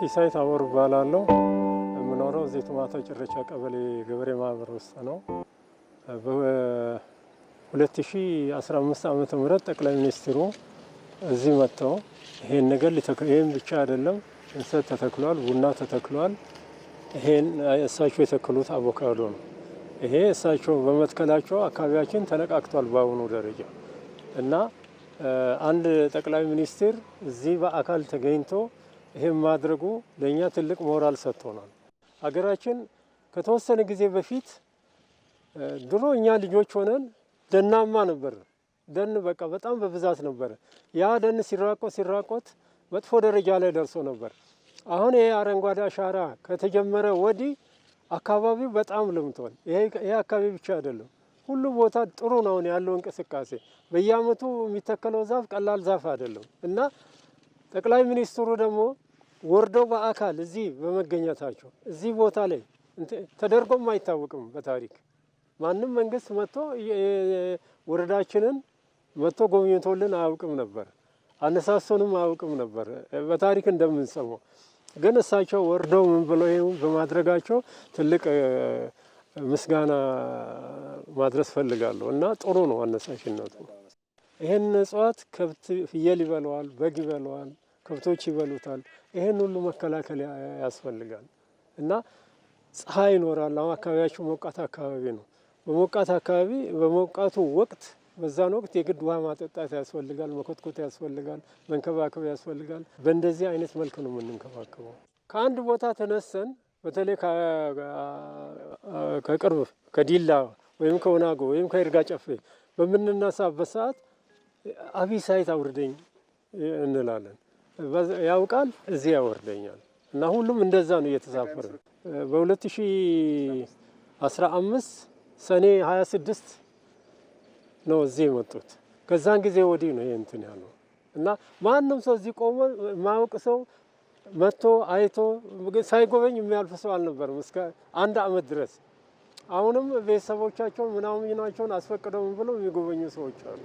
ሲሳይ ታቦር እባላለሁ። የምኖረው እዚህ ቱማታ ጭረቻ ቀበሌ ገበሬ ማህበር ውስጥ ነው። በ2015 ዓመተ ምህረት ጠቅላይ ሚኒስትሩ እዚህ መጥተው ይሄን ነገር ይህም ብቻ አይደለም፣ እንሰት ተተክሏል፣ ቡና ተተክሏል። ይሄን እሳቸው የተከሉት አቮካዶ ነው። ይሄ እሳቸው በመትከላቸው አካባቢያችን ተነቃቅቷል በአሁኑ ደረጃ እና አንድ ጠቅላይ ሚኒስትር እዚህ በአካል ተገኝቶ ይህም ማድረጉ ለእኛ ትልቅ ሞራል ሰጥቶናል። ሀገራችን ከተወሰነ ጊዜ በፊት ድሮ እኛ ልጆች ሆነን ደናማ ነበር። ደን በቃ በጣም በብዛት ነበር ያ ደን ሲራቆት ሲራቆት መጥፎ ደረጃ ላይ ደርሶ ነበር። አሁን ይሄ አረንጓዴ አሻራ ከተጀመረ ወዲህ አካባቢው በጣም ልምቷል። ይሄ አካባቢ ብቻ አይደለም፣ ሁሉ ቦታ ጥሩ ነው ያለው እንቅስቃሴ። በየአመቱ የሚተከለው ዛፍ ቀላል ዛፍ አይደለም እና ጠቅላይ ሚኒስትሩ ደግሞ ወርዶ በአካል እዚህ በመገኘታቸው እዚህ ቦታ ላይ ተደርጎም አይታወቅም። በታሪክ ማንም መንግስት መጥቶ ወረዳችንን መጥቶ ጎብኝቶልን አያውቅም ነበር፣ አነሳሶንም አያውቅም ነበር። በታሪክ እንደምንሰማው ግን እሳቸው ወርደው ምን ብለው በማድረጋቸው ትልቅ ምስጋና ማድረስ ፈልጋለሁ እና ጥሩ ነው አነሳሽነቱ። ይህን እጽዋት ከብት ፍየል ይበለዋል፣ በግ ይበለዋል። ከብቶች ይበሉታል። ይሄን ሁሉ መከላከል ያስፈልጋል እና ፀሐይ ይኖራል። አሁን አካባቢያችን ሞቃት አካባቢ ነው። በሞቃት አካባቢ በሞቃቱ ወቅት በዛን ወቅት የግድ ውሃ ማጠጣት ያስፈልጋል፣ መኮትኮት ያስፈልጋል፣ መንከባከብ ያስፈልጋል። በእንደዚህ አይነት መልክ ነው የምንንከባከበው። ከአንድ ቦታ ተነሰን በተለይ ከቅርብ ከዲላ ወይም ከወናጎ ወይም ከይርጋ ጨፌ በምንነሳበት ሰዓት አቢሳይት አውርደኝ እንላለን። ያውቃል፣ እዚህ ያወርደኛል እና ሁሉም እንደዛ ነው እየተሳፈረ በ2015 ሰኔ 26 ነው እዚህ የመጡት። ከዛን ጊዜ ወዲህ ነው ይሄ እንትን ያለው እና ማንም ሰው እዚህ ቆሞ ማወቅ ሰው መጥቶ አይቶ ሳይጎበኝ የሚያልፍ ሰው አልነበርም እስከ አንድ አመት ድረስ። አሁንም ቤተሰቦቻቸውን ምናምናቸውን አስፈቅደውም ብለው የሚጎበኙ ሰዎች አሉ።